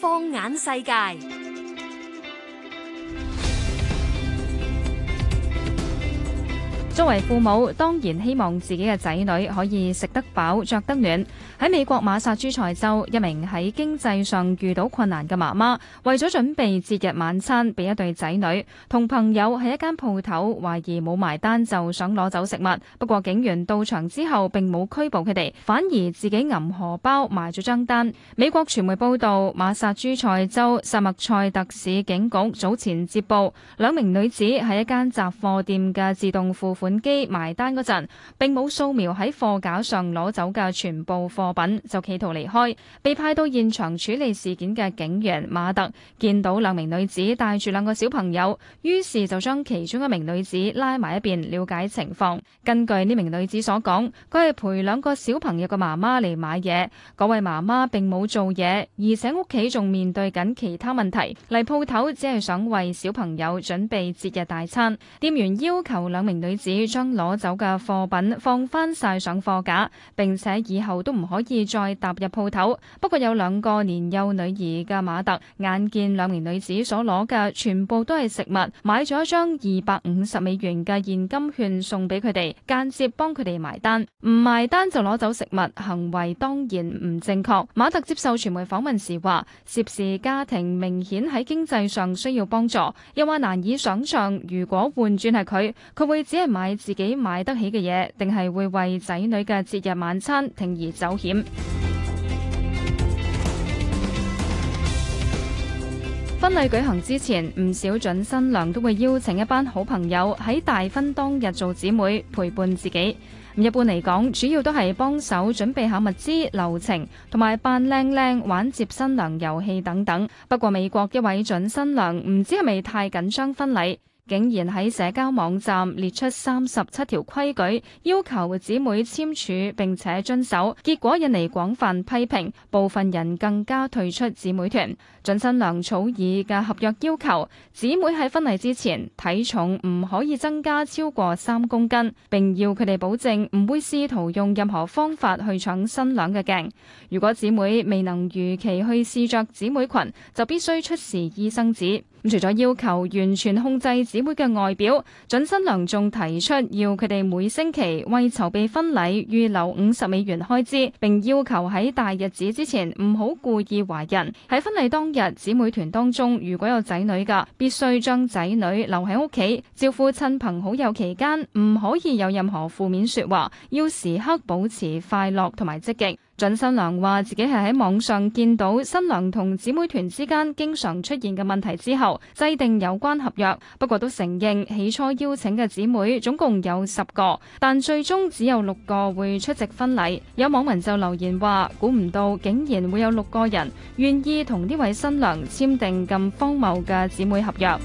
放眼世界。作為父母，當然希望自己嘅仔女可以食得飽、着得暖。喺美國馬薩諸塞州，一名喺經濟上遇到困難嘅媽媽，為咗準備節日晚餐俾一對仔女，同朋友喺一間鋪頭，懷疑冇埋單就想攞走食物。不過警員到場之後，並冇拘捕佢哋，反而自己銀荷包埋咗張單。美國傳媒報道，馬薩諸塞州薩麥塞特市警局早前接報，兩名女子喺一間雜貨店嘅自動付。本機埋單嗰陣，並冇掃描喺貨架上攞走嘅全部貨品，就企圖離開。被派到現場處理事件嘅警員馬特見到兩名女子帶住兩個小朋友，於是就將其中一名女子拉埋一邊了解情況。根據呢名女子所講，佢係陪兩個小朋友嘅媽媽嚟買嘢，嗰位媽媽並冇做嘢，而且屋企仲面對緊其他問題，嚟鋪頭只係想為小朋友準備節日大餐。店員要求兩名女子。要將攞走嘅貨品放翻晒上貨架，並且以後都唔可以再踏入鋪頭。不過有兩個年幼女兒嘅馬特眼見兩名女子所攞嘅全部都係食物，買咗一張二百五十美元嘅現金券送俾佢哋，間接幫佢哋埋單。唔埋單就攞走食物，行為當然唔正確。馬特接受傳媒訪問時話，涉事家庭明顯喺經濟上需要幫助，又話難以想象如果換轉係佢，佢會只係買。買自己買得起嘅嘢，定係會為仔女嘅節日晚餐鋌而走險？ 婚禮舉行之前，唔少準新娘都會邀請一班好朋友喺大婚當日做姊妹陪伴自己。一般嚟講，主要都係幫手準備下物資、流程，同埋扮靚靚、玩接新娘遊戲等等。不過，美國一位準新娘唔知係咪太緊張婚禮。竟然喺社交網站列出三十七條規矩，要求姊妹簽署並且遵守，結果引嚟廣泛批評。部分人更加退出姊妹團。準新娘草擬嘅合約要求姊妹喺婚禮之前體重唔可以增加超過三公斤，並要佢哋保證唔會試圖用任何方法去搶新娘嘅鏡。如果姊妹未能如期去試着姊妹裙，就必須出示醫生紙。咁除咗要求完全控制妹嘅外表，準新娘仲提出要佢哋每星期為籌備婚禮預留五十美元開支，並要求喺大日子之前唔好故意懷孕。喺婚禮當日，姊妹團當中如果有仔女嘅必須將仔女留喺屋企，照顧親朋好友期間唔可以有任何負面說話，要時刻保持快樂同埋積極。準新娘話自己係喺網上見到新娘同姊妹團之間經常出現嘅問題之後，制定有關合約。不過都承認起初邀請嘅姊妹總共有十個，但最終只有六個會出席婚禮。有網民就留言話：「估唔到竟然會有六個人願意同呢位新娘簽訂咁荒謬嘅姊妹合約。」